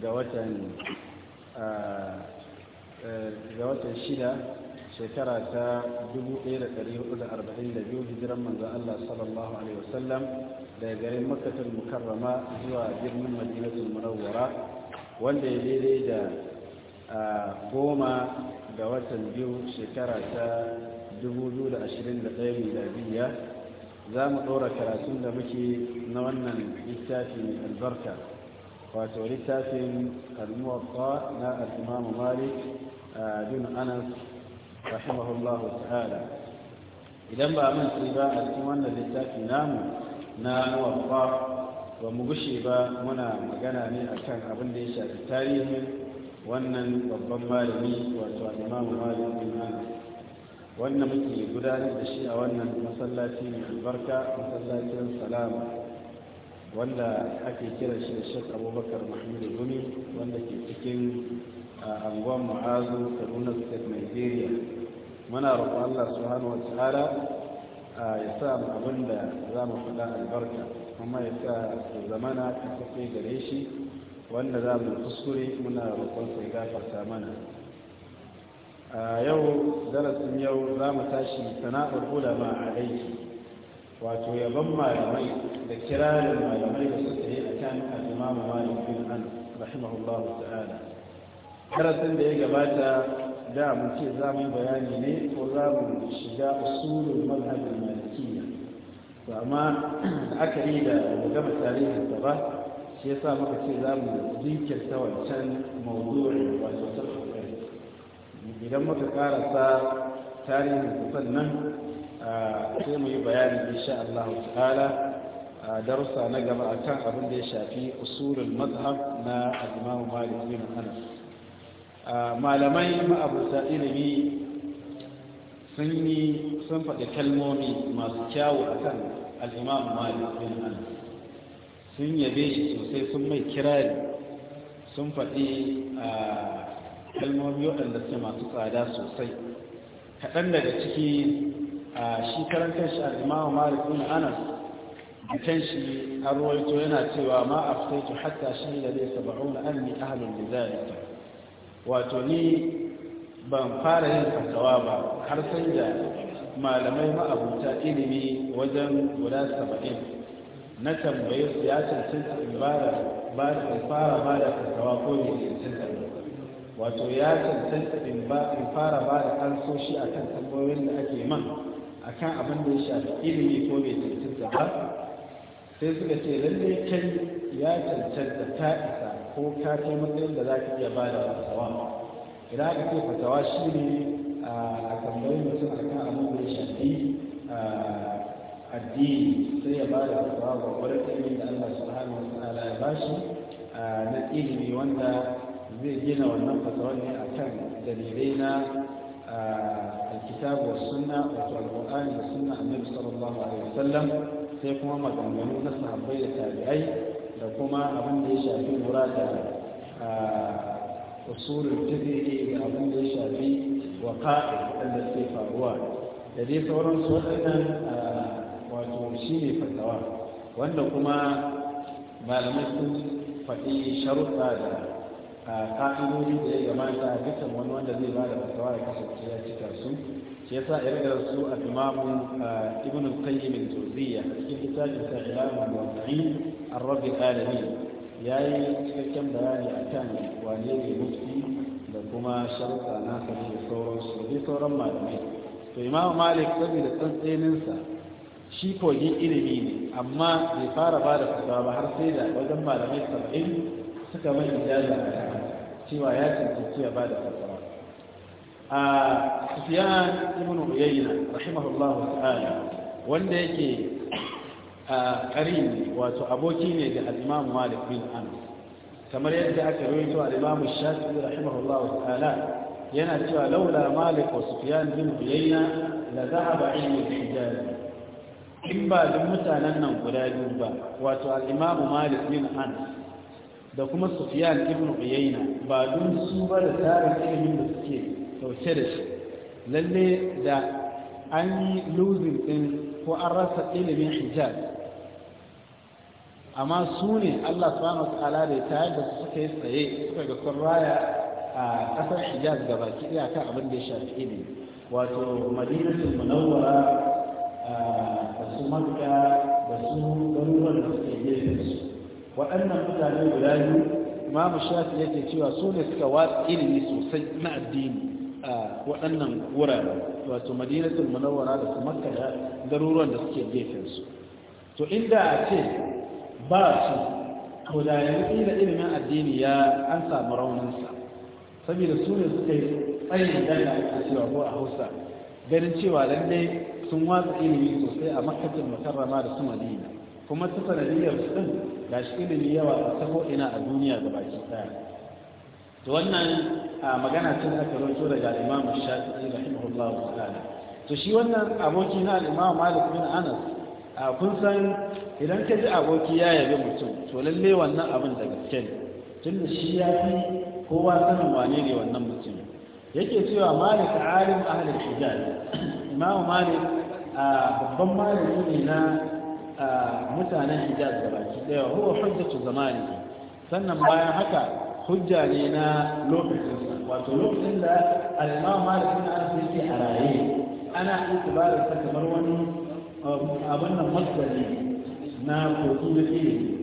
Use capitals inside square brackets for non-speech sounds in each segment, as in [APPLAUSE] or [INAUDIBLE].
ga watan shida shekara ta 1442 hijiran manzan Allah sallallahu Alaihi wasallam daga garin makatar mukarrama zuwa birnin madinatul munawwara wanda ya daidai da goma ga watan biyu shekara ta 2021 miladiya za mu ɗora karatun da muke na wannan littafin albarka wato littafin al-muwatta na al-imam malik bin anas rahimahullahu ta'ala idan ba mun sai ba a cikin wannan littafi namu na muwatta ba mu gushe ba muna magana ne akan abin da ya shafi tarihin wannan babban malami wato al-imam malik bin anas wannan muke gudanar da shi a wannan masallaci mai albarka masallacin salama wanda ake kira shi da shek abubakar mahmudu gumi wanda ke cikin anguwan ma'azu kaduna state nigeria muna roƙon allah su hannu wa a ya sa mu abin da za mu faɗa albarka kuma ya sa su zamana ta kafe gare shi wanda za mu kuskure muna roƙon sai gafarta mana yau darasin yau za mu tashi sana'ar ulama a aiki واتو يضم علمي لكرار علمي لسطحي أكان الإمام مالك بن أن رحمه الله تعالى كرت عندي إجابات دا من في زامن بياني لي وزام شجاع أصول المذهب المالكية فأما [CLEARS THROAT] أكيد وجمع تاريخ الطبع سيسا ما في زامن ذكر سوى كان موضوع وزوجته إذا ما تكارثا تاريخ الطبع sai mu yi bayani insha Allah ta'ala darussa na gaba akan abin da ya shafi usulul mazhab na al-Imam Malik bin Anas malamai ma'abuta ilimi sun yi sun faɗi kalmomi masu kyawu akan al-Imam Malik bin Anas sun yabe shi sosai sun mai kirari sun faɗi kalmomi waɗanda suke masu tsada sosai kaɗan daga ciki a shi karantar shi al'imamu malik bin anas bitan shi an ruwaito yana cewa ma a fitaitu hatta shi da zai saba'un anni ahalun da zalika wato ni ban fara yin fatawa ba har sai da malamai ma'abuta ilimi wajen guda saba'in na tambaye su ya cancanta in fara ba da fatawa ko ne cancanta wato ya cancanta in fara ba da kansoshi a kan tambayoyin da ake man a kan abin da ya shafi ilimi ko bai cancanta ba sai suka ce lalle kai ya cancanta ta isa ko ka kai matsayin da za ka iya ba da fatawa idan aka ce fatawa shi ne a tambayi mutum a kan abin da ya shafi addini sai ya ba da fatawa ga wurin ilimin da allah subhanahu wasu ala ya bashi na ilimi wanda zai gina wannan fatawa ne a kan dalilai na alkitab wa sunna wato alqur'ani da sunna annabi sallallahu alaihi wasallam sai kuma maganganu na sahabbai da tabi'ai da kuma abin da ya shafi lura da usulul fiqh da abin da ya shafi waqa'i da ke faruwa da dai sauransu waɗannan wato shine fatawa wanda kuma malamai sun faɗi sharuɗa da a ƙa'idodi da ya gamata dukkan wani wanda zai ba da fatawa ya kasance ya cika su shi yasa irin su al a uh, ibn al-qayyim al-jawziyya cikin kitabin sa ilamun muwaqqi'in ar-rabbil alamin yayi cikakken bayani akan wane ne mufti da kuma sharuɗa na sanin sauransu da sauran malamai to imam malik saboda tsantseninsa shi kogin ilimi ne amma bai fara ba da ba har sai da wajen malamai saba'in suka mai ijaza a cewa ya cancanci ya ba da Sufiyan ibn Uyayna rahimahullahu ta'ala wanda yake a karin wato aboki ne da al-Imam Malik bin Anas kamar yadda aka rawaito al-Imam Shafi'i rahimahullahu ta'ala yana cewa laula Malik wa Sufyan bin Uyayna la dhahaba ilmu al-Hijaz in ba duk mutanen nan guda biyu ba wato al-Imam Malik bin Anas da kuma Sufyan ibn Uyayna ba dun su ba da tsarin ilimin da suke dauke da shi lalle da an yi losing din ko an rasa ilimin hijab amma su ne Allah subhanahu wataala da ta da su suka yi tsaye suka ga sun raya a kasar hijaz ga baki iyaka abin da ya shafi ilimi wato madinatul munawwara da su makka da su garuruwan da suke gefe su waɗannan mutane guda biyu imamu shafi yake cewa su ne suka watsa ilimi sosai na addini a waɗannan wurare wato madinatul munawwara da kuma da garuruwan da suke gefen su to inda a ce ba su ko da yanzu da ilimin addini ya an samu rauninsa saboda su ne suka yi tsayin dalla a cewa ko a hausa ganin cewa lalle sun watsa ilimi sosai a makkatul mukarrama da su madina kuma ta sanadiyar su din gashi ilimi yawa a ko ina a duniya gabaki daya to wannan magana ce da karanto daga Imam Shafi'i rahimahullahu ta'ala to shi wannan aboki na Imam Malik bin Anas a kun san idan ka ji aboki ya yabi mutum to lalle wannan abin da gaske ne da shi ya fi kowa sanin wane ne wannan mutum yake cewa Malik alim ahlul hijaz Imam Malik babban malami ne na mutanen hijaz gabaki daya huwa hujjatu zamani sannan bayan haka hujja ne na lokacin wato lokacin da alimawa al'imam malik na anas yake a raye ana itibarar ta kamar wani um, abin nan masdari na kogi da ilimi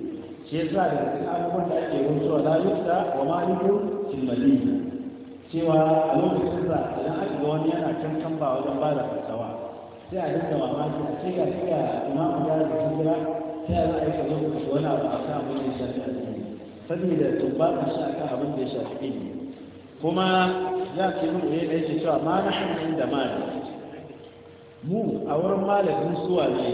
shi yasa da cikin abubuwan da ake rubutuwa la yusta wa maliku fil madina cewa a lokacin da idan aka ga wani yana can kan ba wajen ba da fatawa sai a dinga mamaki a ce ga shi ga imamu da hijira sai a zo a yi ka wani abu a kan abin da ya shafi saboda tumbata shi a akan abin da ya shafi ilimi kuma ya ce mu ne da yake cewa ma na hannun da malami mu a wurin malamin suwa ne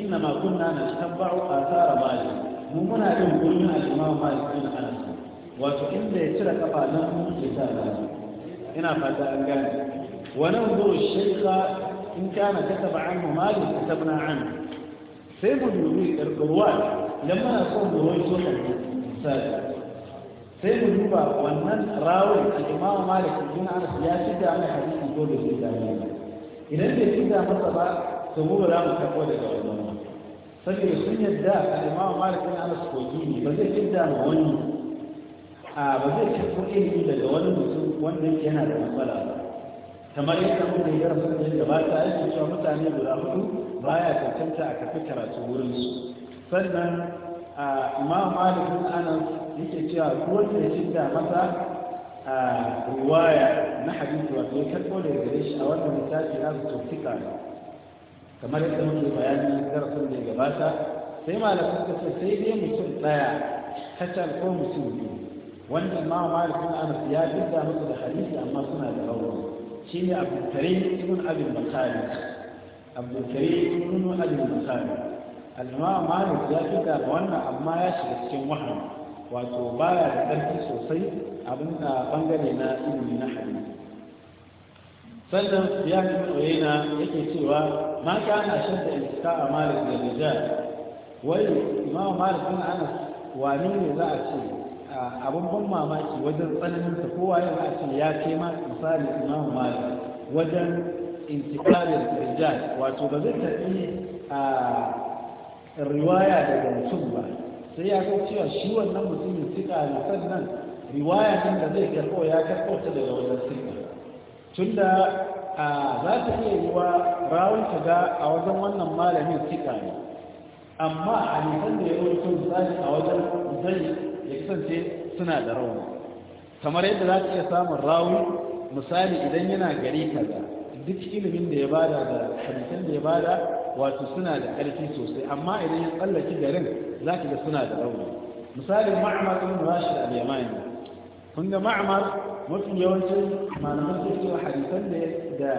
inna ma kunna na a tsara malami mu muna bin gurin al Malam malik bin anas wato inda ya cire kafa nan mu ke sa ina fata an gane wa nanzuru shaykha in kana kataba Malam malik katabna anhu sai mu dubi irqwan Idan na son ruwan so kan misali sai mu duba wannan rawar a imama malik ibn anas ya ci da mai hadisi ko da shi da idan bai ci da masa ba to mu ba za mu karɓo daga wannan saboda sun yadda a imama malik ibn anas kogi ne ba zai ci da ma wani a ba zai ci ko ilimi daga wani mutum wanda yake yana da matsala kamar yadda mun yi yara sun yadda ba ta aiki cewa mutane guda hudu baya tantanta a kafi karatu wurin su sannan a imam malik bin anas yake cewa kowace da shidda masa a ruwaya na hadisi wato ya karɓo da gare shi a wannan misali na su tofika kamar yadda muke bayani darasin da ya gabata sai malamin suka ce sai dai mutum ɗaya kacal ko mutum biyu wanda ma malik bin ya fidda musu da hadisi amma suna da rauni shine abdul karim ibn abdul bukhari abdul karim ibn abdul bukhari almama malik ya fita da wannan amma ya shiga cikin wahan wato baya da ƙarfi sosai abin da bangare na ilimi na hadisi sannan ya fi tsoyena yake cewa ma ana shan da iska a malik da rijal wai imam malik bin ana wani ne za a ce abin ban mamaki wajen tsananin sa kowa ya za a ce ya ce ma misali imam malik wajen intifarin rijal wato ba zai tafi a riwaya daga mutum ba sai ya ga cewa shi wannan mutumin sika ne sannan riwaya nan da zai karɓo ya karɓo ta daga wajen sika tunda a za ta iya wa rawun ta ga a wajen wannan malamin sika ne amma a nisan da ya rubuta zai a wajen zai ya kasance suna da rauni kamar yadda za ta iya samun rawu misali idan yana gari kaza duk ilimin da ya bada da hadisan da ya bada wato suna da ƙarfi sosai amma idan ya tsallaki garin za ka ga suna da rauni misalin ma'amar ibn rashid al-yamani kun ga ma'amar mafi yawancin malaman sai cewa hadisan da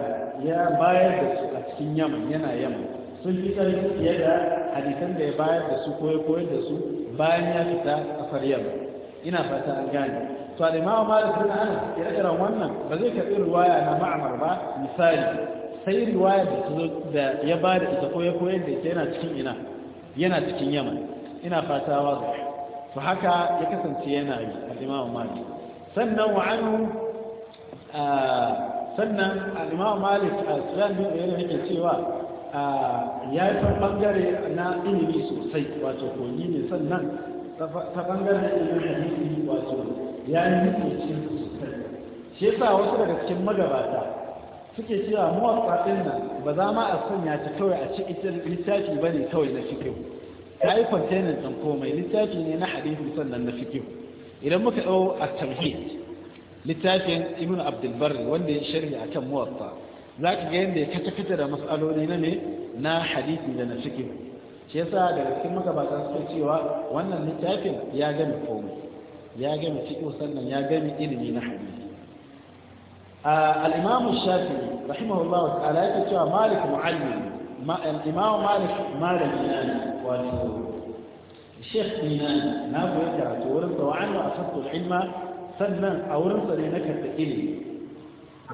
ya bayar da su a cikin yamma yana yamma sun fi ƙarfi fiye da hadisan da ya bayar da su ko ya koyar da su bayan ya fita kafar yamma ina fata an gane to alimawa imamu malik bin ya wannan ba zai karɓi ruwaya na ma'amar ba misali sai riwaya da ya ba da ita ko ya koyar da ita yana cikin ina yana cikin yaman ina fatawa ga to haka ya kasance yana yi al'imamu malik sannan wa anu sannan al'imamu malik a sudan bin yana yake cewa ya yi bangare na ilimi sosai wato kogi ne sannan ta bangare ilimin hadisi wato ya yi nufin sosai shi yasa wasu daga cikin magabata suke cewa muwatsa ɗin nan ba za ma a sanya ta kawai a cikin ita littafi ba ne kawai na fi kyau ta yi kwantenan ɗan komai littafi ne na hadisi sannan na fi kyau idan muka ɗau a tauhid littafin ibn abdulbar wanda ya sharhi a kan muwatsa za ka ga yadda ya kata fita da matsaloli na ne na hadisi da na fikihu shi yasa daga cikin magabata suke cewa wannan littafin ya gami komai ya gami cikin sannan ya gami ilimi na hadisi آه، الإمام الشافعي رحمه الله تعالى يتشوى مالك معلم ما الإمام مالك مالك مالك والده الشيخ مينان نابو يتعط ورمت وعنه أخذت العلم فنا أو رمت لينك التكيلي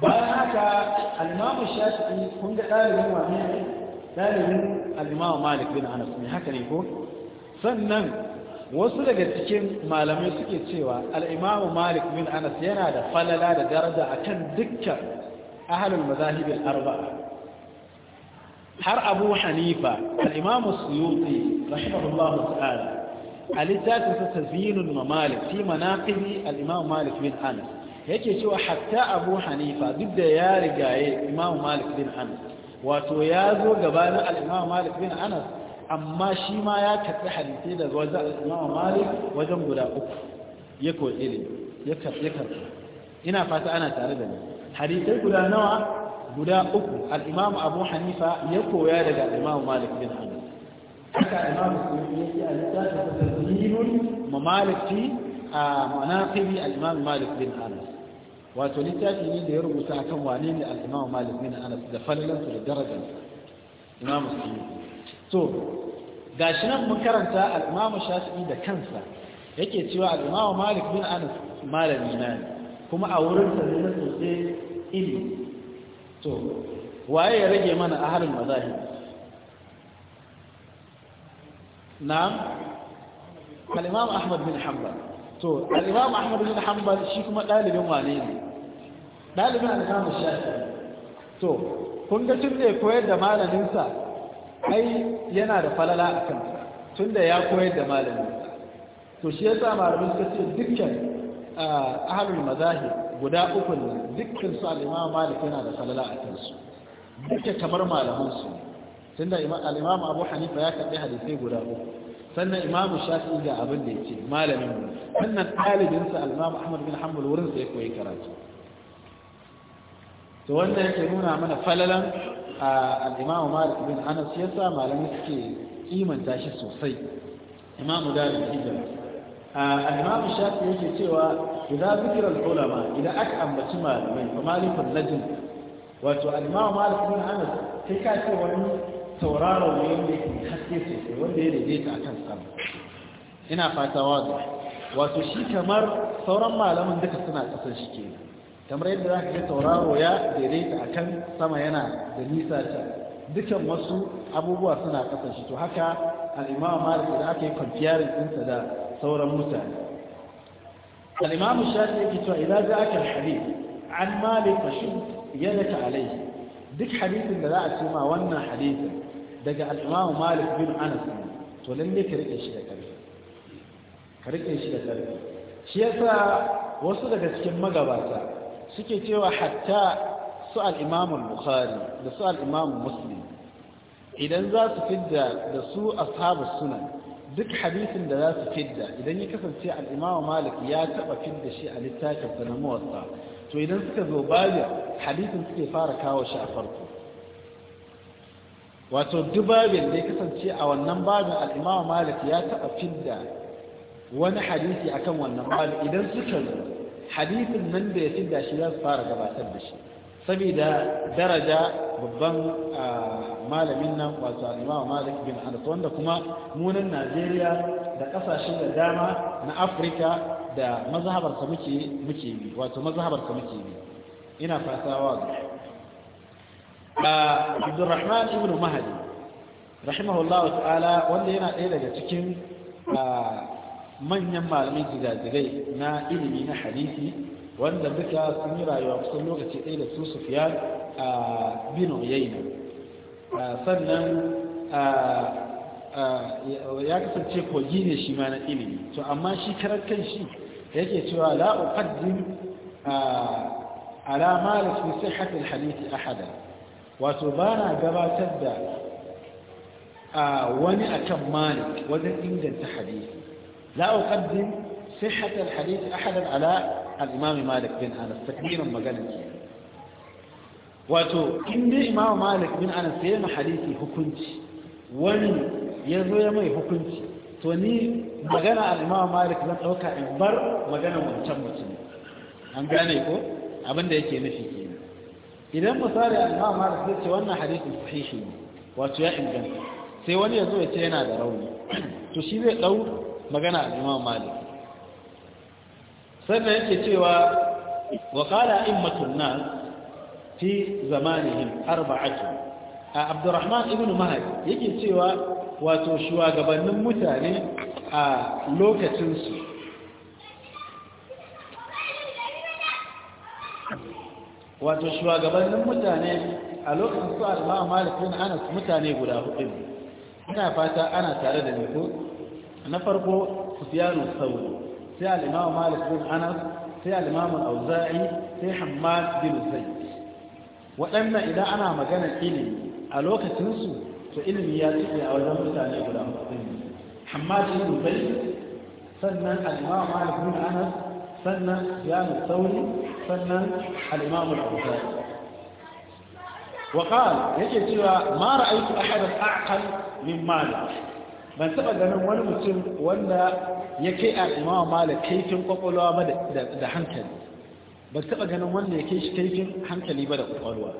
بعدها الإمام الشافعي هم قال لهم أمين قال الإمام مالك بن أنس من هكذا يقول فنن wasu daga cikin malamai suke cewa al'imamu malik bin anas yana da falala da daraja a kan dukkan ahalin mazahibin arba'a har abu hanifa al'imamu suyuti rahimahullahu ta'ala a littafin ta tazinun ma malik fi manaqibi al'imamu malik bin anas yake cewa hatta abu hanifa duk da ya rigaye imamu malik bin anas wato ya zo gabanin al'imamu malik bin anas amma shi ma ya karɓi hadisai daga wajen al'umma malik wajen guda uku ya koyi ilimi ya karɓi ina fata ana tare da ni hadisai guda nawa guda uku al'imamu abu hanifa ya koya daga al'imamu malik bin hannu haka al'imamu sun yi a littafin tasirinun mamaliki a manakiri al'imamu malik bin hannu wato littafi ne da ya rubuta akan wane ne al'imamu malik bin hannu da falalansu da darajar imamu sun yi to shi nan mun karanta al Shafi'i da kansa yake cewa al Malik bin Anas malami na kuma a wurin sa ne sosai ilimi to waye ya rage mana a mazahib mazahi? Na imam Ahmad bin Hanbal to al Ahmad bin Hanbal shi kuma dalibin wane ne dalibin al shafi to kun ga tunne da koyar da malamin sa ai yana da falala a kan tun tunda ya koyar da malami to shi sa malamin suka ce dukkan ahlul mazahi guda uku ne dukkan su al malik yana da falala a kan su? duka kamar malaman su tunda da imam abu hanifa ya kaɗe hadisai guda uku sannan imamu shafi ga abin da ce malamin mu Wannan ɗalibinsa al-imam ahmad bin hanbal wurin sa ya koyi karatu to wannan yake nuna mana falalan al'imamu malik bin anas ya sa malamai suke kimanta shi sosai imamu da al'ijar al'imamu shafi yake cewa za su zikir al'ulama idan aka ambaci malamai ba malikun najin wato al'imamu malik bin anas sai ka ce wani tauraro ne wanda yake haske sosai wanda ya daidaita a kan sama ina fata wazo wato shi kamar sauran malamin duka suna ƙasar shi kenan kamar yadda za ka tauraro ya daidaita a can sama yana da nisa ta dukan wasu abubuwa suna kasan shi to haka al'imamu malik da aka yi kwamfiyarin ɗinsa da sauran mutane al'imamu shafi yake cewa idan za aka hadith an malik fashin yadda alai duk hadithin da za a ce ma wannan hadithin daga al'imamu malik bin anas to lalle ka riƙe shi da ƙarfi ka riƙe shi da ƙarfi shi yasa wasu daga cikin magabata suke cewa hatta su al'imamun bukhari da su al'imamun muslim idan za su fidda da su ashabu sunan duk hadisin da za su fidda idan ya kasance al'imamu malik ya taɓa fidda shi a littafinsa na mawasa to idan suka zo bayan hadisin suke fara kawo shi a farko wato dubabin da ya kasance a wannan babin al'imamu malik ya taɓa fidda wani hadisi akan wannan babin idan suka zo hadisin nan da ya fi da shi za su fara gabatar da shi saboda daraja babban malamin nan wato alimawa malik bin anas wanda kuma munin najeriya da kasashen da dama na afirka da mazhabarsa muke muke bi wato mazhabarsa muke bi ina fasawa ga abdurrahman ibn mahdi rahimahullahu ta'ala wanda yana ɗaya daga cikin manyan malamai jigajigai na ilimi na hadisi wanda duka sun yi rayuwa kusan lokaci ɗaya da su sufiya a bino yaina sannan ya kasance kogi ne shi ma na ilimi to amma shi karar kan shi yake cewa la'uƙaddin alama da su sai haƙin hadisi ahada wato ba na gabatar da wani akan malik wajen inganta hadisi لا أقدم صحة الحديث أحدا على الإمام مالك بن أنس تكبيرا مجانا wato inda imamu malik bin anas ya yi hadisi hukunci wani ya zo ya mai hukunci to ni magana al'imamu malik zan ɗauka in bar magana wancan mutum an gane ko abinda yake nufi kenan idan misali al'imamu malik zai ce wannan hadisin sahihi ne wato ya inganta sai wani ya zo ya ce yana da rauni to shi zai ɗau magana imam malik sannan yake cewa wa qala immatun nas fi zamanihim arba'atu a abdurrahman ibn mahdi yake cewa wato shugabannin mutane a lokacinsu wato shugabannin mutane a lokacin su al-ma'amalik bin anas mutane guda hudu ina fata ana tare da ni ko na farko sufyanu sauri sai al'imamu malik bin anas sai al'imamu auza'i sai hamad bin zai waɗannan idan ana magana ilimi a lokacinsu to ilimi ya tsaye a wajen mutane guda hudu hamad bin zai sannan al'imamu malik bin anas sannan sufyanu sauri sannan al'imamu auza'i وقال يجب ما رأيت أحدا أعقل من مالك ban taɓa ganin wani mutum wanda ya kai a imawa mala kaifin kwakwalwa ba da hankali ban taɓa ganin wanda ya kai shi kaifin hankali ba da kwakwalwa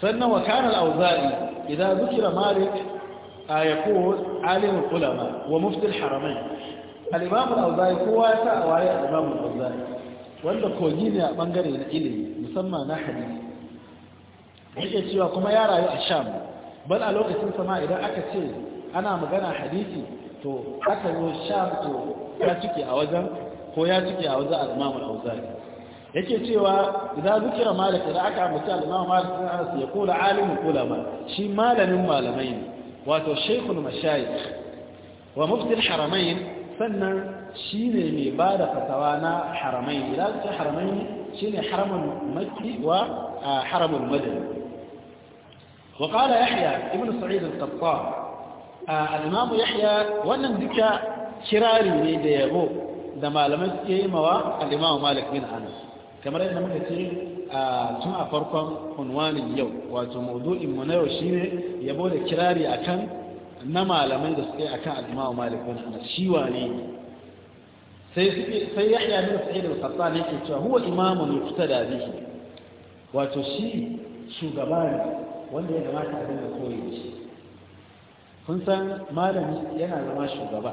sannan wa kanar auza'i idan zukira malik a ya kowo alimin kulama wa muftin haramai alimamun auza'i kowa ya sa a waye alimamun auza'i wanda kogi ne a bangare na ilimi musamman na hadisi yake cewa kuma ya rayu a sham bal a lokacin sama idan aka ce ana magana hadisi to aka zo sham to ya cike a wajen ko ya cike a wajen al-imam al-awzari yake cewa idan zikira malik da aka ambaci al-imam malik bin anas ya kula alimu ulama shi malamin malamai ne wato shaykhul mashayikh wa mufti al-haramain sannan shine mai bada fatawa na haramain idan zikira haramain shine haramun makki wa haramun madina وقال يحيى ابن سعيد القطان al'imamu yahya wannan duka kirari ne da yabo da malaman suke yi mawa al'imamu malik bin anas kamar yadda muka ce tun a farkon unwanin yau wato maudu'in mu na yau ne yabo da kirari akan na malamai da suke akan al'imamu malik bin anas shi wane sai yahya bin sa'id al-qattan yake cewa huwa kusa da bihi wato shi shugaba ne wanda ya kamata a dinga koyi shi kun san malami yana zama shugaba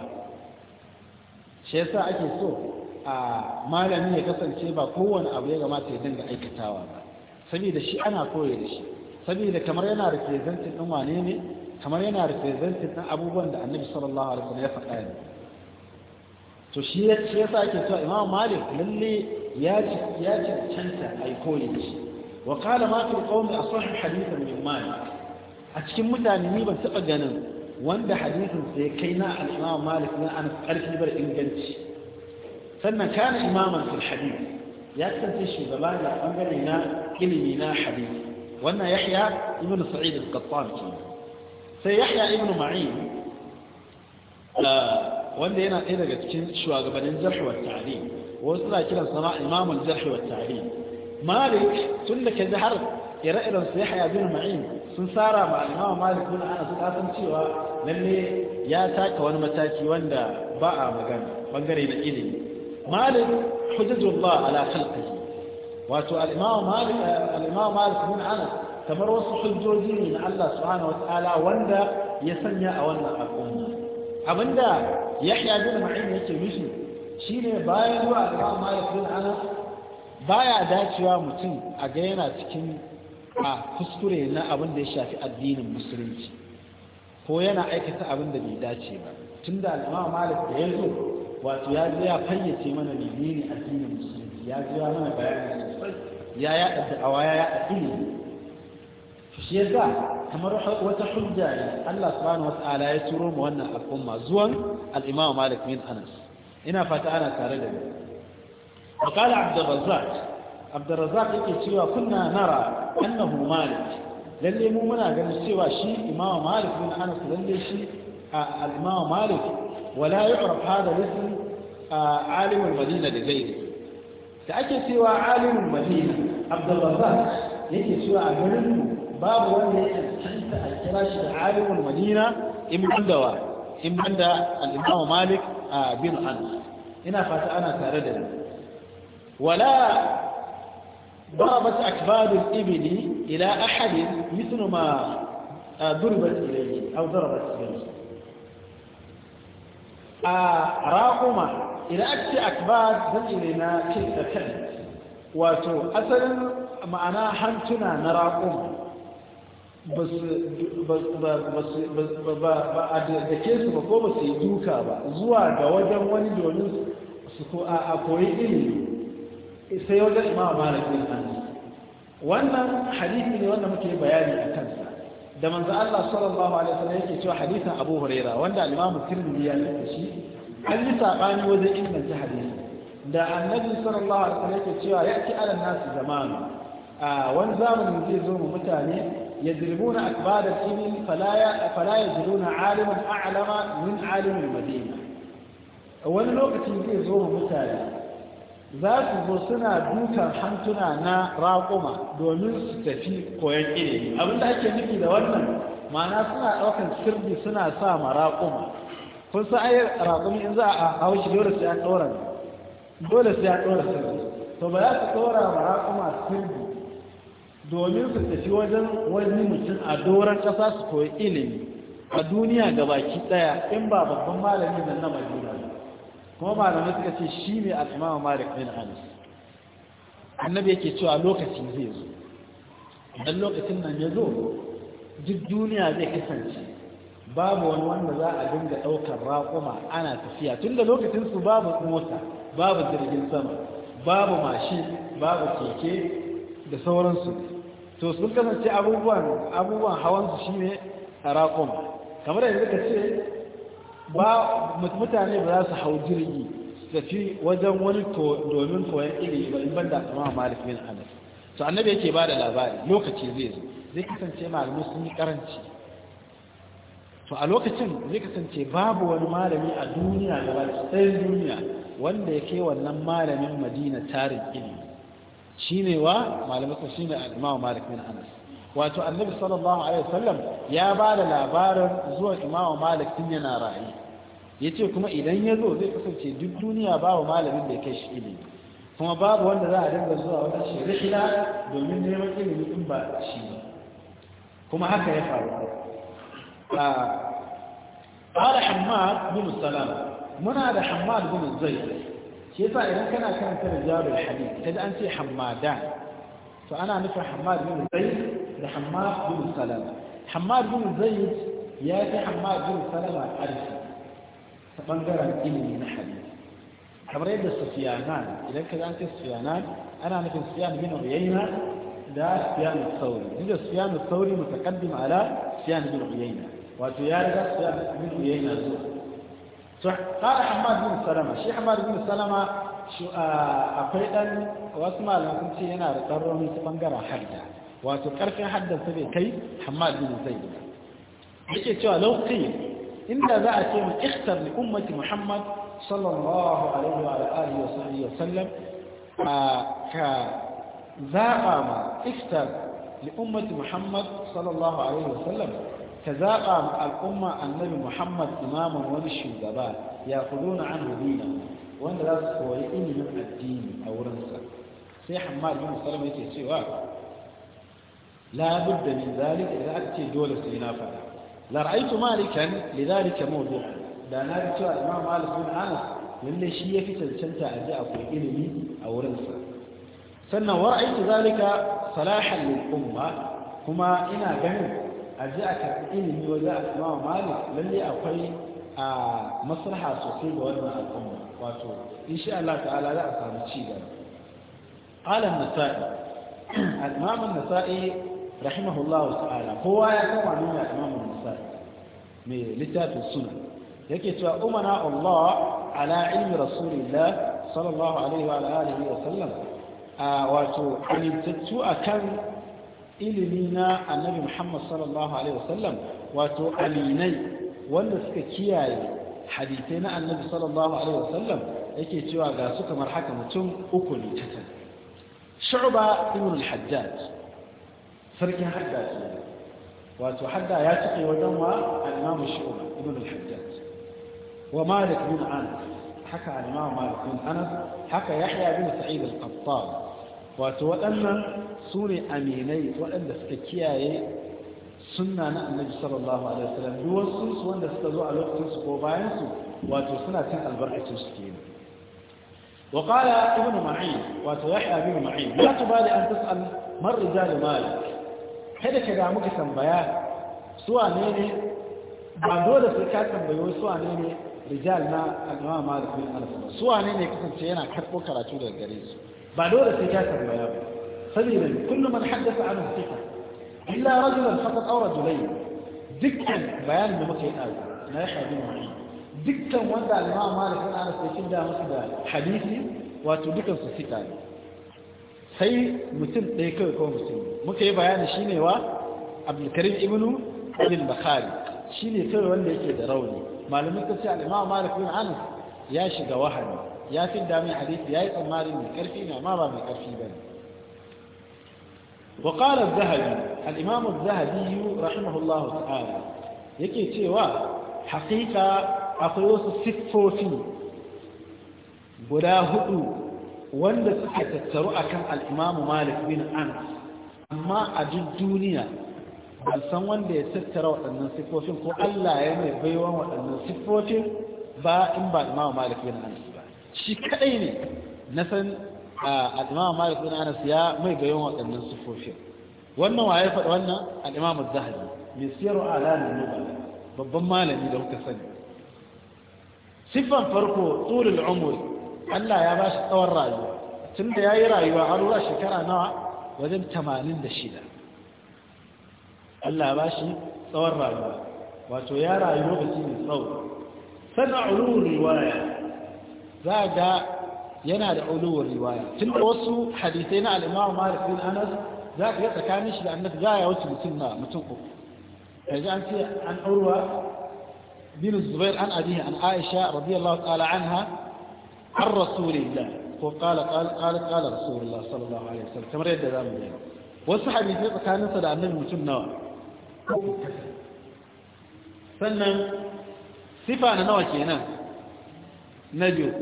shi yasa ake so a malami ya kasance ba kowane abu ya gamata ya dinga aikatawa ba saboda shi ana koyo da shi saboda kamar yana representin ɗin wane ne kamar yana representin ɗin abubuwan da annabi sallallahu alaihi wasallam ya faɗa ne to shi yasa ake so imam malik lalle ya ci ya ci canta ai koyi da shi wa qala ma fi qawmi asah hadithan min malik a cikin mutane ni ban taɓa ganin wanda hadisin ya kai na al malik na an karfi bar inganci sannan kana imaman fil hadith ya kasance shugaba da bangare na ilimi na hadith wannan yahya ibn sa'id al-qattan sai yahya ibn ma'in ah, wanda yana ɗaya daga cikin shugabannin jarh wa ta'lim wasu suna kiran sana imamul jarh wa ta'lim malik tun da kaji har ire-iren su ya yahya bin ma'in sun tsara ma al-imam malik bin anas san cewa lalle ya taka wani mataki wanda ba a magana bangare na ilimi malik hujjatullah ala khalqihi wato alimawa imam malik al-imam kamar wasu hujjoji ne na Allah subhanahu wataala wanda ya sanya a wannan al'umma abinda ya yahya bin ma'in yake mishi shine bayan zuwa al-imam malik bin anas baya dacewa mutum a ga yana cikin a kuskure na abin da ya shafi addinin musulunci ko yana aikata abin da bai dace ba tun da alama malik da ya zo wato ya zo ya fayyace mana menene addinin musulunci ya zo ya mana bayani sosai ya yaɗa da'awa ya yaɗa ilimi shi yasa kamar wata hujja ne Allah subhanahu wata'ala ya turo mu wannan al'umma zuwan al-Imam Malik bin Anas ina fata ana tare da ni وقال عبد الرزاق abdurrazzaq yake cewa kunna nara annahu malik lalle mu muna ganin cewa shi imamu malik bin anas lalle shi al-imamu malik wala yu'raf hada lism alim al-madina da zai da ake cewa alim al-madina abdurrazzaq yake cewa a garin babu wanda ya cancanta a kira shi da alim al-madina in bandawa in banda al-imamu malik bin anas ina fata ana tare da ni wala ضربت أكباد الإبل إلى أحد مثل ما ضربت إليه أو ضربت إليه راقما إلى أكس أكباد ذن إلينا كيف كانت واتو أسل معنا حمتنا نراقما بس بس بس بس da ke su ba ko ba su yi duka ba zuwa ga wajen wani domin su ko a koyi ilimi sai wajen imam malik bin anas wannan hadithi ne wanda muke bayani a kansa da manzo Allah sallallahu alaihi wasallam yake cewa hadisin Abu Huraira wanda al-Imam Tirmidhi ya rubuta shi an yi sabani wajen inganta hadisi da Annabi sallallahu alaihi wasallam yake cewa yake alan nasu zaman a wani zamanin zai zo mu mutane yadribuna akbar al-ibn fala ya fala yadruna aliman a'lama min alim al-madina wani lokaci zai zo mu mutane za su zo suna dukan hantuna na raƙuma domin su tafi koyon ilimi abinda ake nufi da wannan ma'ana suna ɗaukan sirri suna sa ma raƙuma kun san ai raƙumi in za a hau shi dole sai an ɗora dole sai an ɗora sirri to ba za su ɗora ma raƙuma sirri domin su tafi wajen wani mutum a doron ƙasa su koyi ilimi a duniya gabaki ɗaya in ba babban malamin nan na madina kuma malamai suka ce shi ne al'imama malik bin anas annabi yake cewa lokaci zai zo idan lokacin nan ya zo duk duniya zai kasance babu wani wanda za a dinga ɗaukar raƙuma ana tafiya tun da lokacinsu babu mota babu jirgin sama babu mashi babu keke da sauransu to sun kasance abubuwan hawansu shi ne a raƙuma kamar yanzu ka ce ba mutane ba za su hau jirgi da fi wajen wani domin koyon ilimi ba in banda kama malik bin anas to annabi yake ba da labari lokaci zai zo zai kasance malamai sun yi karanci to a lokacin zai kasance babu wani malami a duniya gaba sai duniya wanda ya kai wannan malamin madina tarin ilimi shine wa malamai shine al-imam malik bin anas wato annabi sallallahu alaihi wasallam ya ba da labarin zuwan imamu malik din yana ra'ayi yace kuma idan ya zo zai kasance duk duniya babu malamin da ya kai shi ilimi kuma babu wanda za a dinga zuwa wata shirikina domin neman ilimi in ba shi ba kuma haka ya faru ƙara hamad bin salam muna da hamad bin zai shi yasa idan kana karanta da jarar hadith kaji an ce hamadan فأنا نفر حماد بن زيد لحماد بن سلام حماد بن زيد ياتي حماد بن سلام الحرسي فبنجر الإلمي نحبيه حبريد السفيانان إذا كذا أنت السفيانان أنا نفر السفيان بن غيينة لا السفيان الثوري إذا السفيان الثوري متقدم على السفيان بن غيينة وتيارك السفيان بن غيينة صح قال حماد بن سلامة شيخ حماد بن سلامة akwai dan wasu malaman sun ce yana da tsarroni ta bangaren hadda wato karfin haddarsa bai kai hamad bin zaid yake cewa lokaci inda za a ce mu ikhtar li ummati muhammad sallallahu alaihi wa alihi wa sahbihi wa sallam ka zaɓa ma ikhtar li ummati muhammad sallallahu alaihi wa sallam ka zaɓa ma al'umma annabi muhammad imaman wani shugaba ya kuduna an rubina wanda za su koyi ilimin addini a wurinsa sai hamad bin musalama yake cewa la da min zalika da aka ce dole sai na fada la ra'aytu malikan li zalika mawdu'a da na ga cewa imam malik bin anas lalle shi yafi cancanta a ji akwai ilimi a wurinsa sannan wa ra'aytu zalika salahan lil umma kuma ina ganin a ji a karɓi ilimi wajen imam malik lalle akwai a maslaha sosai ga wannan al'umma wato insha Allah ta'ala za a samu ci gaba qala an-nasa'i al-imam an-nasa'i rahimahullahu ta'ala kowa ya kama nuna ne imam an-nasa'i mai littafin sunan yake cewa umana Allah ala ilmi rasulillah sallallahu alaihi wa alihi wa sallam a wato amintattu akan ilimi na annabi Muhammad sallallahu alaihi wa sallam wato alinai wanda suka kiyaye hadisai na annabi sallallahu alaihi wasallam yake cewa ga su kamar haka mutum uku ne ta tan shu'ba ibn al-hajjaj sarkin hadda wato hadda ya cike wajen wa al-imam shu'ba ibn al-hajjaj wa malik bin anas haka al malik bin anas haka yahya bin sa'id al-qattan wato waɗannan su ne aminai waɗanda suka kiyaye suna na annabi sallallahu alaihi wasallam duk wasu wanda suka zo a lokacin su ko bayan su wato suna cin albarkacin su kenan wa qala ibnu ma'in wato yahya ibn ma'in la tubali an tas'al mar rijal malik kada ka damu ka tambaya su wane ne ba dole sai ka tambayo su wane ne rijal na al-imam malik bin anas su wane ne kasance yana karbo karatu daga gare su ba dole sai ka tambaya ba saboda kullu man haddatha anhu thiqa illa rajulan faqat aw rajulayn dukkan bayanin da muka yi ɗazu na ya shaɗi mai dukkan wanda al'amma malik ana sai ya da musu da hadisi wato dukkan su sika sai mutum ɗaya kawai ko mutum muka yi bayani shine wa abdulkarim ibnu abin bakari shine kawai wanda yake da rauni malamin ta ce al'amma malik bin anas ya shiga wahani ya fi da mai hadisi ya yi tsammanin mai ƙarfi ne, amma ba mai ƙarfi ba ne وقال الذهبي الإمام الذهبي رحمه الله تعالى yake cewa haƙiƙa akwai wasu siffofi guda huɗu wanda suka tattaru akan al'imamu malik bin anas amma a duk duniya ban san wanda ya tattara waɗannan sifofin ko allah ya mai baiwa waɗannan siffofin ba in ba imamu malik bin anas ba shi kaɗai ne na san آه، الإمام مالك بن أنس يا ما يقيون وقت من الصفوفية وأنا وعيفة وأن الإمام الزهري يسير أعلان النبلة ببما لم يده كسن صفة فرقه طول العمر ألا يا باشا أول راجع تند يا إيراي وعلو الله شكرا نوع وذن تمانين دشيلة ألا يا باش أول راجع واتو يا رايو بسين الصوت سنع رو رواية ذا yana da uluwar riwaya tun da wasu hadisai na al'imamu malik bin anas za ka ga tsakanin shi da annabi za ya wuce mutum na mutum ko yanzu an ce an urwa bin zubair an abihi an aisha radiyallahu ta'ala anha an rasulillah ko qala qala qala qala rasulullah sallallahu alaihi wasallam kamar yadda zamu yi wasu hadisai tsakanin sa da annabi mutum nawa sannan sifa na nawa kenan na biyu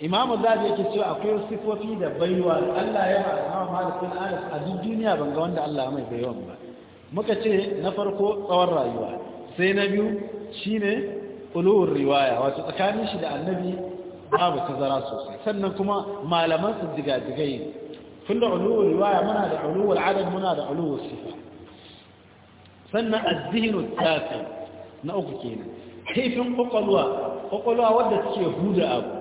imamu za zafi yake cewa akwai sifofi da baiwa Allah ya ba a malikun anas a duk duniya ban ga wanda Allah mai yawan ba muka ce na farko tsawon rayuwa sai na biyu shine uluwar riwaya wato tsakanin shi da annabi babu tazara sosai sannan kuma malaman su diga-digai kun da uluwar riwaya muna da uluwar adad muna da uluwar sifa sannan azzihinu tafi na uku kenan kaifin kwakwalwa kwakwalwa wadda take huda abu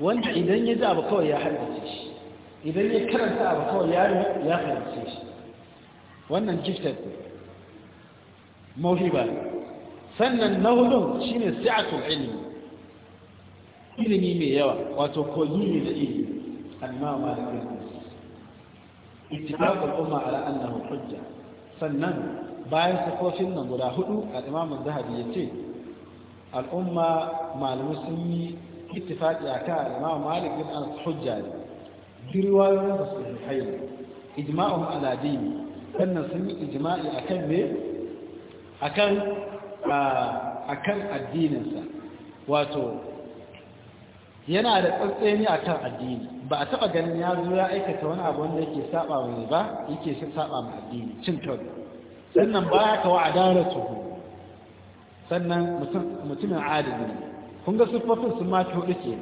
wanda idan ya ji abu kawai ya haddace shi idan ya karanta abu kawai ya haddace shi wannan gifted mawhiba sannan na hudun shine si'atul ilmi ilimi mai yawa wato koyi ne da ilimi al-imam malik ittifaqul umma ala annahu hujja sannan bayan sakofin nan guda hudu al-imam az-zahabi yace al-umma malumin sun yi ittifaqi akan Imam Malik bin Anas hujja ne riwayoyin da su hayyin ijma'un ala dini sannan sun yi ijma'i akan me akan akan addininsa wato yana da tsantseni akan addini ba a taba ganin ya zo ya aikata wani abu wanda yake saba mai ba yake shi saba ma addini cin tauri sannan ba ya kawo adalatu sannan mutumin adalci kun ga siffofin sun ma cuɗi ke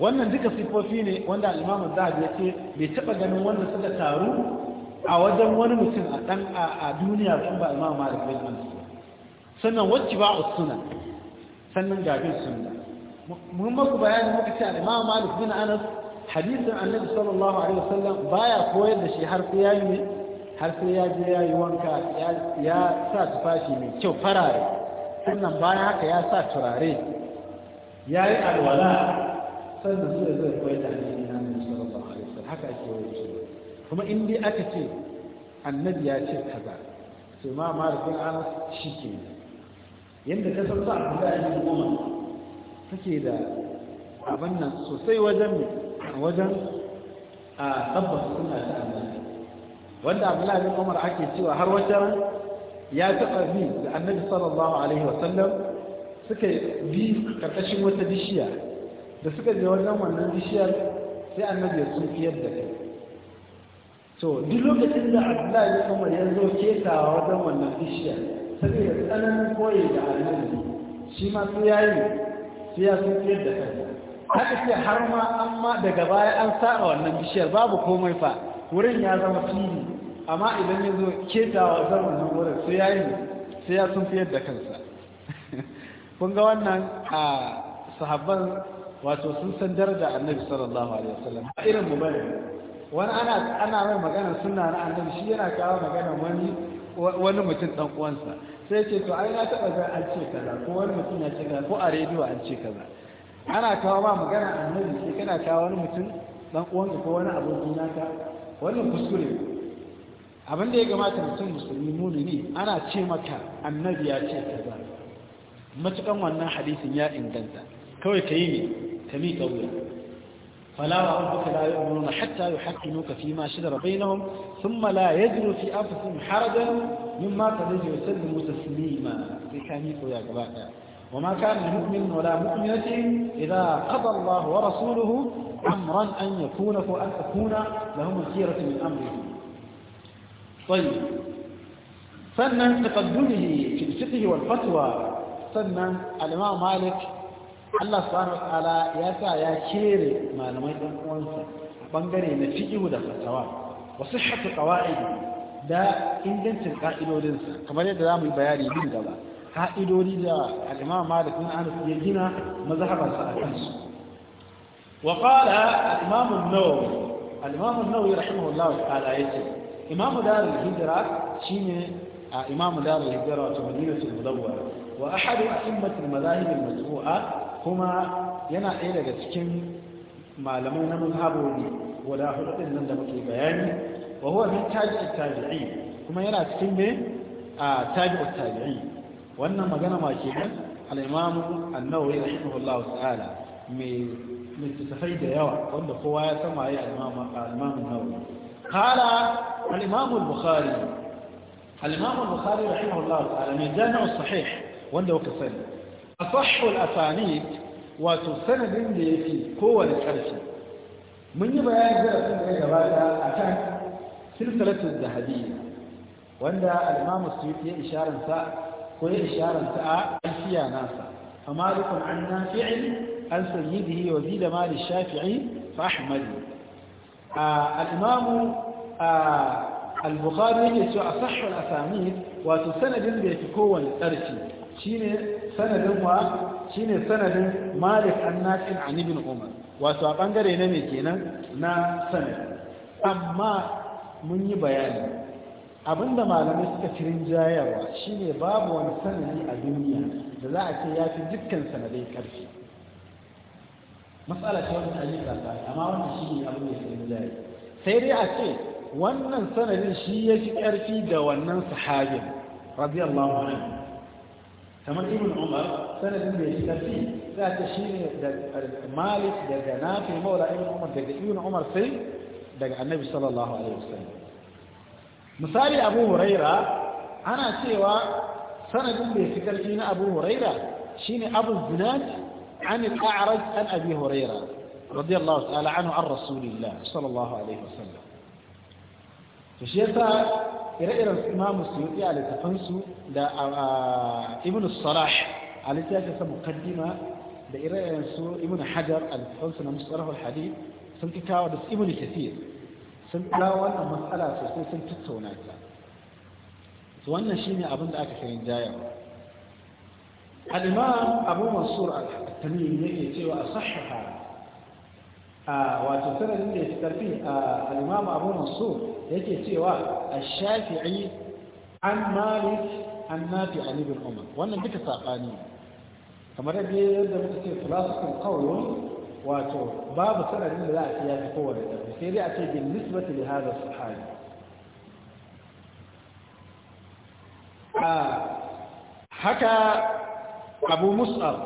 wannan duka siffofi ne wanda al'imamu zahabi biya ce bai taɓa ganin wanda suka taru a wajen wani mutum a ɗan a duniya sun ba al'imamu malik bai zan su sannan wacce ba a suna sannan gabin sunna mun maku bayani muka ce al'imamu malik bin anas hadisin annabi sallallahu alaihi wasallam baya koyar da shi har sai ya yi har sai ya je ya yi wanka ya sa tufafi mai kyau farare sannan bayan haka ya sa turare ya yi alwala sannan sai zai koyi da hadisi na annabi sallallahu alaihi wasallam haka ake yi shi kuma in dai aka ce annabi ya ce kaza sai ma malik bin anas shi ke Yadda ka san sa abdullahi bin umar take da abin nan sosai wajen wajen a tabbata suna ta annabi wanda da bin umar ake cewa har wajen ya taɓa bi da annabi sallallahu alaihi wasallam suka bi karkashin wata bishiya da suka je wajen wannan bishiyar sai annabi ya sunkiyar da kai to duk lokacin da abdullahi ya umar ya zo ketawa wajen wannan bishiyar ya tsananin koyi da annabi shi ma su yayi sai ya sunkiyar da kai haka sai har ma an ma daga baya an saba wannan bishiyar babu komai fa wurin ya zama fili amma idan ya zo ketawa wajen wannan wurin sai yayi sai ya sunkiyar da kansa kun ga wannan a sahabban wato sun san daraja annabi sallallahu alaihi wasallam irin mu bane wani ana ana mai magana sunna na annabi shi yana kawo magana wani wani mutum dan uwansa sai ce to ai na taba ga an ce kaza ko wani mutum ya ce kaza ko a rediyo an ce kaza ana kawo ma magana annabi sai kana kawo wani mutum dan uwanka ko wani abokin naka wannan kuskure abin da ya gamata mutum musulmi mu ne ana ce maka annabi ya ce kaza matukan wannan hadisin ya inganta kawai ka yi ne ka miƙa wuya an buka da yi yu'minuna hatta yi nuka fi ma shi da rabai na hun sun thumma la yajidu fi anfusihim harajan mimma qadaita wa yusallimu taslima sai ka miƙa wuya gaba ɗaya وما كان لمؤمن ولا مؤمنة إذا قضى الله ورسوله أمرا أن يكون أن تكون لهم su من أمرهم طيب فن تقدمه في الفقه fatuwa sannan al'imam malik allah subhanahu ta'ala ya sa ya kere malamai ɗan uwansa bangare na fiƙihu da fatawa wasu hatu ƙawa'id da ingancin ƙa'idodinsa kamar yadda za mu yi bayani bin gaba ka'idodi da al'imam malik na anas ya gina mazhabarsa a kansu وقال الإمام النووي الإمام النووي رحمه الله تعالى يتي إمام دار الهجرة شين إمام دار الهجرة ومدينة المدورة wa ahadu a'immatul mazahib al-majmu'a kuma yana ɗaya daga cikin malamai na mazhabobi guda hudu din nan da muke bayani wa huwa min tabi'i tabi'i kuma yana cikin ne a tabi'u tabi'i wannan magana ma ke nan al-imam an-nawawi rahimahullahu ta'ala mai littattafai da yawa wanda kowa ya san waye al-imam an-nawawi qala al-imam al-bukhari al-imam al-bukhari rahimahullahu ta'ala mai jami'u sahih wanda kuka sani asahhul asanid wato sanadin da yake kowane ƙarshe mun yi bayanin darasin da ya gabata akan silsilatu zahabiyya wanda al-imam suyuti ya isharan sa ko ya isharan sa a alfiya nasa fa malikun an nafi'in an sayyidihi wa zida mali shafi'i fa ahmadi al-imam al-bukhari yake cewa asahhul asanid wato sanadin da yake kowane ƙarshe shine sanadin wa shine sanadin Malik an-Nafi' an Ibn Umar wato a bangare na me kenan na sanad amma mun yi bayani abinda malamai suka cirin jayarwa shine babu wani sanadi a duniya da za a ce ya fi dukkan sanadai karfi matsala ce wani ayi ta amma wannan shi ne abin da cirin jayar sai dai a ce wannan sanadin shi ya fi karfi da wannan sahabin radiyallahu anhu ثمن ابن عمر سند بيشتفي لا تشيني مالك دجنافي مولى ابن عمر دجئين عمر في دجع النبي صلى الله عليه وسلم مثالي أبو هريرة أنا سيوى سند بيشتفي أبو هريرة شيني أبو الزناج عن الأعرج عن أبي هريرة رضي الله تعالى عنه عن رسول الله صلى الله عليه وسلم فشيطة ire-iren su imamu suyuti a littafansu da ibn sarah a littafinsa muqaddima da ire-iren su ibn hajar a littafansu na musarar hadi sun fi kawo da ibn kathir sun kawo wannan matsala sosai sun tattauna ta wannan shine abin da aka kai jaya al-imam abu mansur al-tamimi yake cewa a sahiha a wato sanadin da ya karfi a al-imam abu mansur yake cewa ash-shafi'i an malik an nafi ali bin umar wannan duka sabani kamar yadda yadda muka ce filasufin qawlun wato babu sanadin da za a ce ya fi kowane karfi sai dai a ce bin nisbati li hadha sahabi a haka abu mus'ab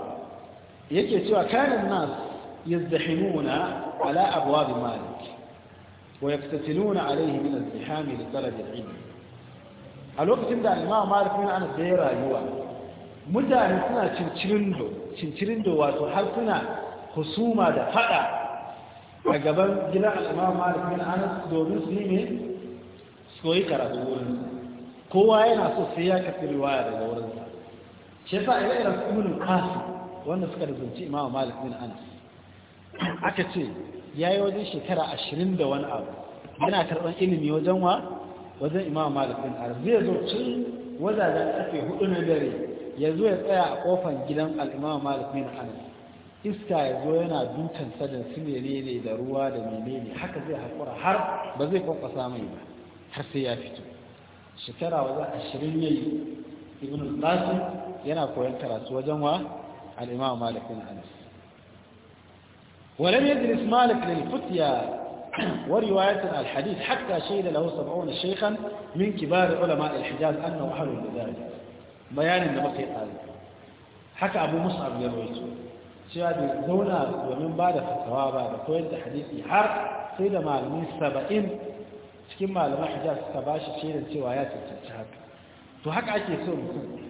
yake cewa kanan nas يزدحمون على أبواب مالك ويقتتلون عليه من الزحام لطلب العلم a lokacin da alima malik bin anas da ya rayuwa mutane suna cincirindo cincirindo wato harsuna suna husuma da fada a gaban gidan alima malik bin anas domin su ne su koyi karatu wurin kowa yana so sai ya kafi riwaya daga wurin sa shi yasa ire iren wanda suka rubuci imam malik anas aka ce ya yi wajen shekara ashirin da wani abu yana karɓar ilimi wajen wa wajen imam malikin zai zo cin wajajen ƙarfe hudu na dare ya zo ya tsaya a ƙofar gidan al'imam malikin anas iska ya zo yana dutan sadan su menene da ruwa da menene haka zai haƙura har ba zai kwakwasa mai ba har sai ya fito shekara wajen ashirin ne yi ibn al yana koyon karatu wajen wa al'imam malikin anas ولم يجلس مالك للفتيا ورواية الحديث حتى شهد له سبعون شيخا من كبار علماء الحجاز أنه أحد بذلك بيان النبقي قال حكى أبو مصعب يرويته شهد زونا ومن بعد فتوى بعد قوية حديثي حر سيد معلمين سبعين كما لما حجاز سباشي شهد سوايات التجهد to haka ake so mutum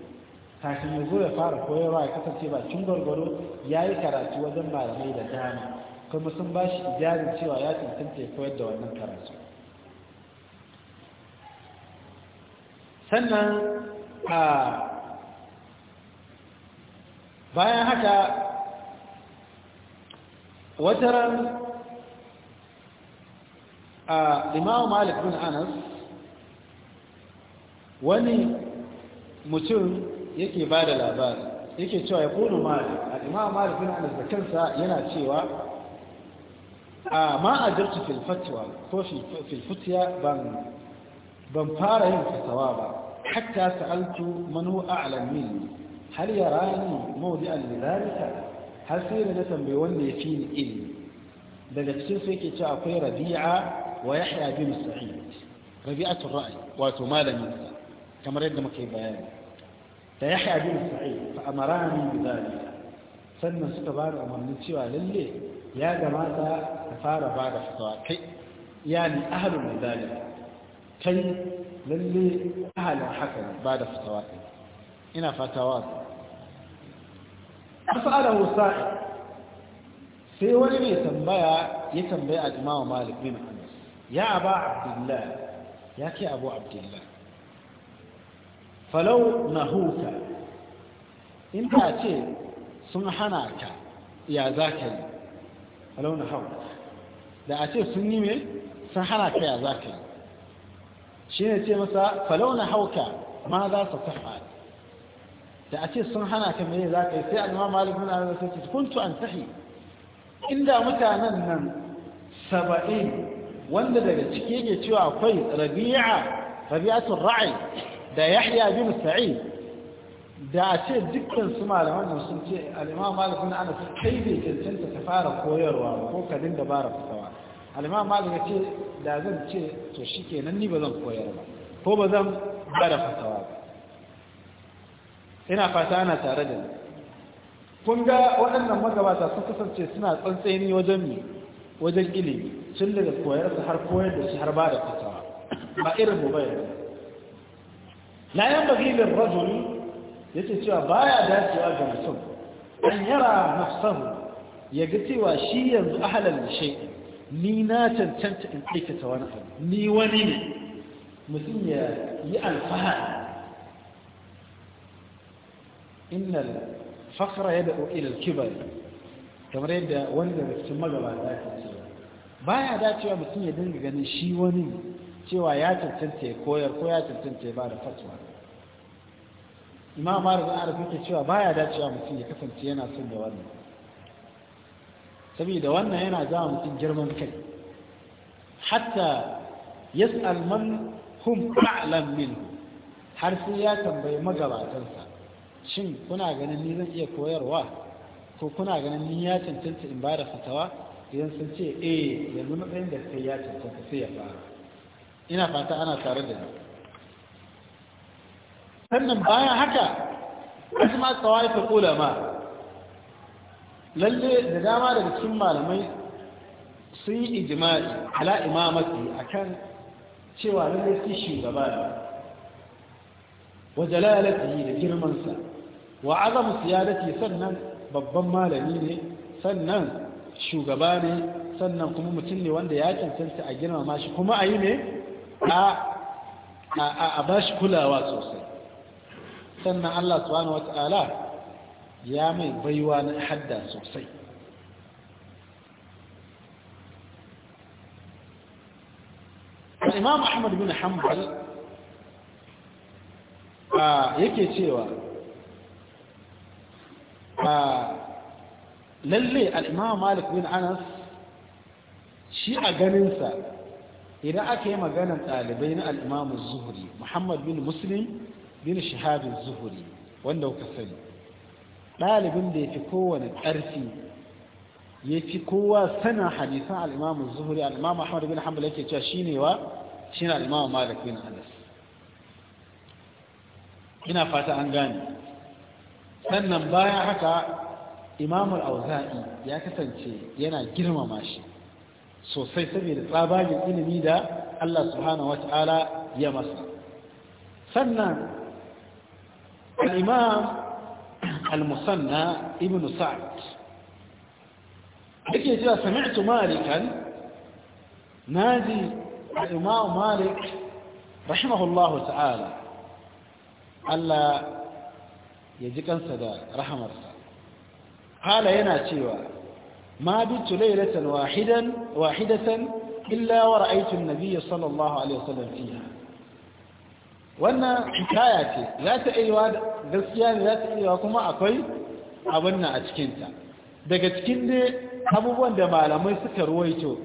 kafin ya zo ya fara koyarwa ya kasance ba cin gwargwaro ya yi karatu wajen malamai da dama kuma sun ba shi ijarin cewa ya tantance koyar da wannan karatu sannan a bayan haka wata ran a limawa malik bin anas wani mutum yake ba da labari yake cewa ya kono malik a limawa malik bin anas da kansa yana cewa آه، ما أدرت في الفتوى في في الفتية بن بن فارين في الصواب حتى سألت من هو أعلم مني هل يراني موضعا لذلك هل سير نسم بولي فين إلي بلغت فيك تعطي ربيعة ويحيى بن سعيد ربيعة الرأي وتمال منها كما رد مكيبان فيحيى بن سعيد فأمراني بذلك فلما استبار أمر من سوى لليه ya gamata ka fara ba da fatawa kai yani ahalun zalim kai lalle ahalin haka ba da fatawa ɗin ina fatawa fa'ala husa'i sai wani ne tambaya ya tambaya al-imamu malik bin anas ya aba ya ke abu abdullah falau nahuka in ta ce sun hana ka ya za ka yi falau na hau da a ce sun yi me sun hana kaya za ka yi shi ne ce masa falau hauka ma za su tafa da a ce sun hana ka mene za ka yi sai alma malibu na rarrasa ce kuntu an tafi. inda mutanen nan saba'in wanda daga ciki yake cewa akwai rabi'a rabi'atun ra'ai da yahya bin sa'id da a ce dukkan su malaman da sun ce al'imam malik na ana kai bai cancanta ta fara koyarwa ko kadin dinga bara fitawa al'imam malik ya ce da zan ce to shi nan ni ba zan koyar ba ko ba zan bara fitawa ba ina fata ana tare da ni kun ga waɗannan magabata sun kasance suna tsantseni wajen mi wajen ilimi sun daga koyarsa har koyar da shi har ba da fitawa ba irin mu bayan Na yan bagilin rajuli yake cewa baya dacewa ga mutum an yara nafsahu ya ga cewa shi yanzu ahalar da ni na cancanta in aikata wani abu ni wani ne mutum ya yi alfahar innal fakra ya da'o ilal kibar kamar yadda wani daga cikin magabata ke cewa baya dacewa mutum ya dinga ganin shi wani cewa ya cancanta ya koyar ko ya cancanta ya ba da fatwa imam ma da arab yake cewa baya dacewa mutum ya kasance yana son da wannan saboda wannan yana zama mutum girman kai hatta yas'al man hum a'lam min har sai ya tambayi magabatansa shin kuna ganin ni zan iya koyarwa ko kuna ganin ni ya cancanta in ba da fatawa idan sun ce eh yanzu matsayin da kai ya cancanta sai ya fara ina fata ana tare da ni sannan bayan haka asma tsawaifin ulama lalle da dama da cikin malamai sun yi ijimai ala imamati akan cewa lalle shi shugaba ne lalata yi da girmansa wa azamu siyadati sannan babban malami ne sannan shugaba ne sannan kuma mutum ne wanda ya cancanta a girmama shi kuma a yi ne a bashi kulawa sosai sannan Allah subhanahu wata'ala ya mai baiwa na hadda sosai imam ahmad bin hanbal yake cewa lalle al'imam malik bin anas shi a ganinsa idan aka yi maganar ɗalibai na al'imamu zuhuri muhammad bin muslim bin shahabin zuhuri wanda kuka sani ɗalibin da ya fi kowane ƙarfi ya fi kowa sanin hadisan al'imamu zuhuri al'imamu ahmad bin hanbal yake cewa shi ne wa shi ne al'imamu malik bin anas ina fata an gane sannan bayan haka imamul auza'i ya kasance yana girmama shi sosai saboda tsabagen ilimi da Allah subhanahu wata'ala ya masa sannan الإمام المثنى ابن سعد لكي إذا سمعت مالكا نادي الإمام مالك رحمه الله تعالى ألا يجيك أنسى رحمه الله قال يناتيوا ما بت ليلة واحدا واحدة إلا ورأيت النبي صلى الله عليه وسلم فيها wannan kaya ce za ta iya gaskiya ne za ta iya kuma akwai abin nan a cikinta daga cikin dai abubuwan da malamai suka ruwaito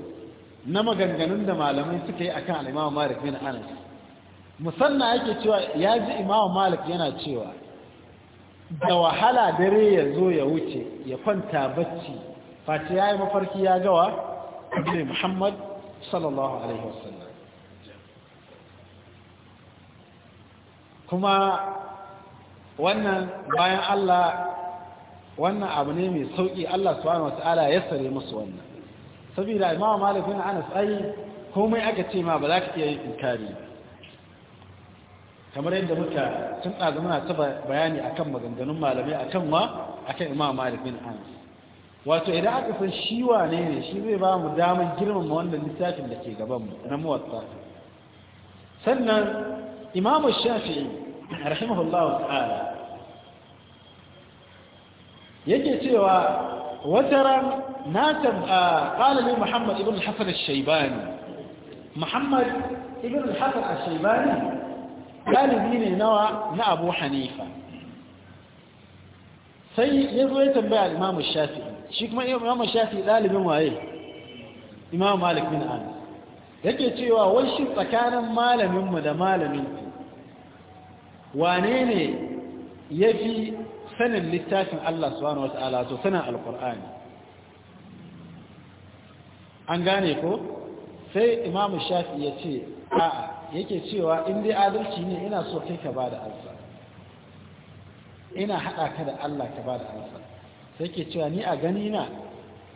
na maganganun da malamai suka yi akan al'imamu malik bin anas musanna yake cewa ya ji imamu malik yana cewa da wahala dare ya zo ya wuce ya kwanta bacci face ya yi mafarki ya gawa abin muhammad sallallahu alaihi wasallam kuma wannan bayan Allah wannan abu ne mai sauƙi Allah subhanahu wata'ala ya sare musu wannan saboda imam malik bin anas ai komai aka ce ma ba za ka iya yin inkari kamar yadda muka tun ɗazu muna ta bayani akan maganganun malamai akan wa akan imam malik bin anas wato idan aka san shi wane ne shi zai ba mu damar girmama wannan littafin da ke gaban mu na muwatta sannan إمام الشافعي رحمه الله تعالى يجي سوى وترى ناتب آه، قال لي محمد ابن الحسن الشيباني محمد ابن الحفر الشيباني قال لي نوى نا أبو حنيفة سي يزوي تنبع الإمام الشافعي شيك ما إمام الشافعي قال لي بموا إيه إمام مالك من آن يجي سوى وشي تكان مال من مدى مال منك wane ne ya fi sanin littafin Allah subhanahu wa ta'ala to sanin alkur'ani an gane ko sai imamu shafi ya ce a'a yake cewa in dai adalci ne ina so kai ka bada ansa ina hada ka da Allah ka bada ansa sai ke cewa ni a gani na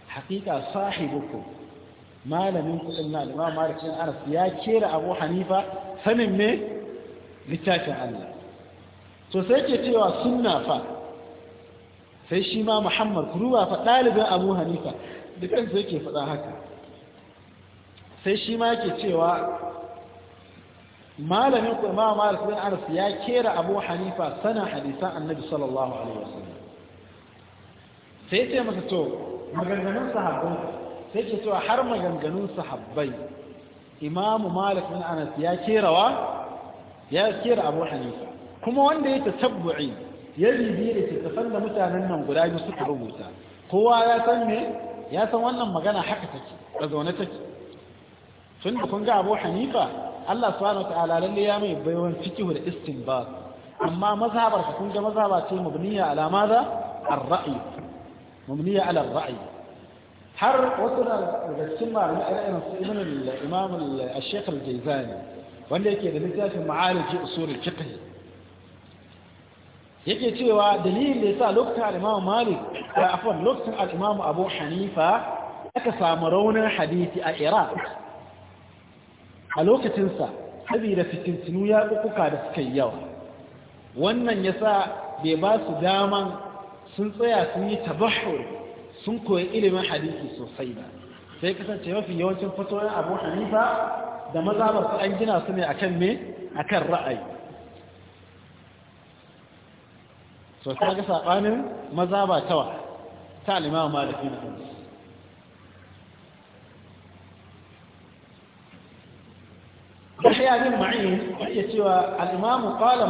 haƙiƙa sahibuku malamin kuɗin na imam malik bin anas ya kera abu hanifa sanin me littafin Allah to sai ke cewa sunna fa sai shi ma muhammad kuruwa fa ɗalibin abu hanifa sai yake faɗa haka sai shi ma ke cewa malamin ku imam malik bin anas ya kera abu hanifa sana hadisan annabi sallallahu alaihi wasallam sai ce masa to maganganun sahabbai sai ce cewa har maganganun sahabbai imamu malik bin anas ya wa ya kera abu hanifa kuma wanda ya tasabbu'i ya bibiye da littattafan da mutanen nan guda biyu suka rubuta kowa ya san me ya san wannan magana haka take da zaune take tun da kun ga Abu Hanifa Allah subhanahu wataala lalle ya mai baiwan fiqh da istinbat amma mazhabar ka kun ga mazhaba ce mabniya ala madha ar-ra'i mabniya ala ar-ra'i har wasu daga cikin malamai a ra'ayin su ibn al-imam al-shaykh al-jaizani wanda yake da littafin ma'arij usul al-fiqh yake cewa dalilin da ya sa lokacin al’imamu Malik da eh, afon lokacin al’imamu Abu Hanifa aka samu raunin hadisi a Iraq a lokacin sa da fitintinu ya ƙuƙuka da suka yi yawa wannan ya sa bai ba su daman sun tsaya sun yi tabahhur sun koyi ilimin hadisi sosai ba sai kasance mafi yawancin fatoyin Abu Hanifa da ba su an gina su ne akan me akan ra'ayi so ta ga saɓanin maza ba tawa ta alimawa malafi na hannu ya bin ma'in ya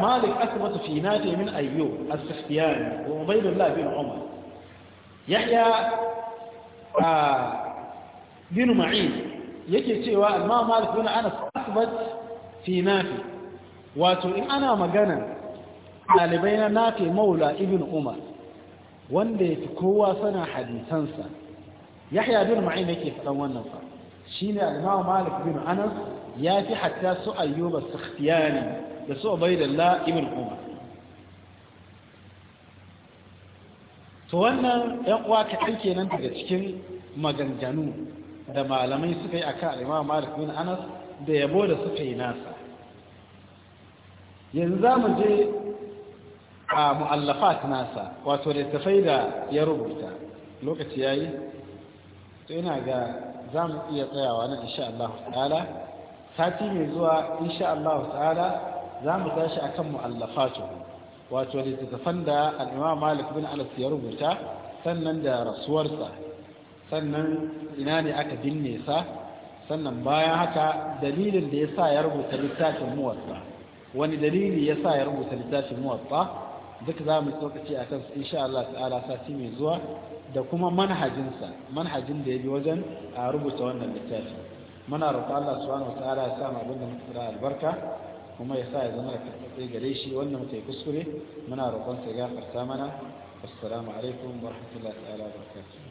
malik asibatu fi min ayyo a sufiyani wa maimun labin umar ya iya a bin ma'in malik wani ana asibat fi wato in ana maganan ɗalibai na nafi maula ibn umar wanda ya fi kowa sana hadisansa yahya bin ma'in yake faɗan wannan fa shi ne Alimawa malik bin anas ya fi hatta su ayyuba sakhtiyani da su la ibn umar to wannan ɗan uwa kaɗan nan daga cikin maganganu da malamai suka yi a kan Alimawa malik bin anas da yabo da suka yi nasa yanzu za mu je a mu'allafat nasa wato littafai da ya rubuta lokaci ya yi to yana ga za mu iya tsayawa nan insha Allah ta'ala sati mai zuwa insha Allah ta'ala za mu tashi a kan mu'allafatu wato littattafan da al'imam malik bin alas ya rubuta sannan da rasuwarsa sannan ina ne aka binne sa sannan bayan haka dalilin da ya sa ya rubuta littafin muwatta wani dalili ya sa ya rubuta littafin muwatta duk za mu tsokaci a kansu insha Allah ta'ala sati mai zuwa da kuma manhajinsa manhajin da ya bi wajen a rubuta wannan littafi muna roƙo Allah subhanahu ta'ala ya sa mu abin da muka albarka kuma ya sa ya zama karɓaɓɓe gare shi wanda muka yi kuskure muna roƙon sa ya gafarta mana assalamu alaikum wa rahmatullahi ta'ala wa barakatuh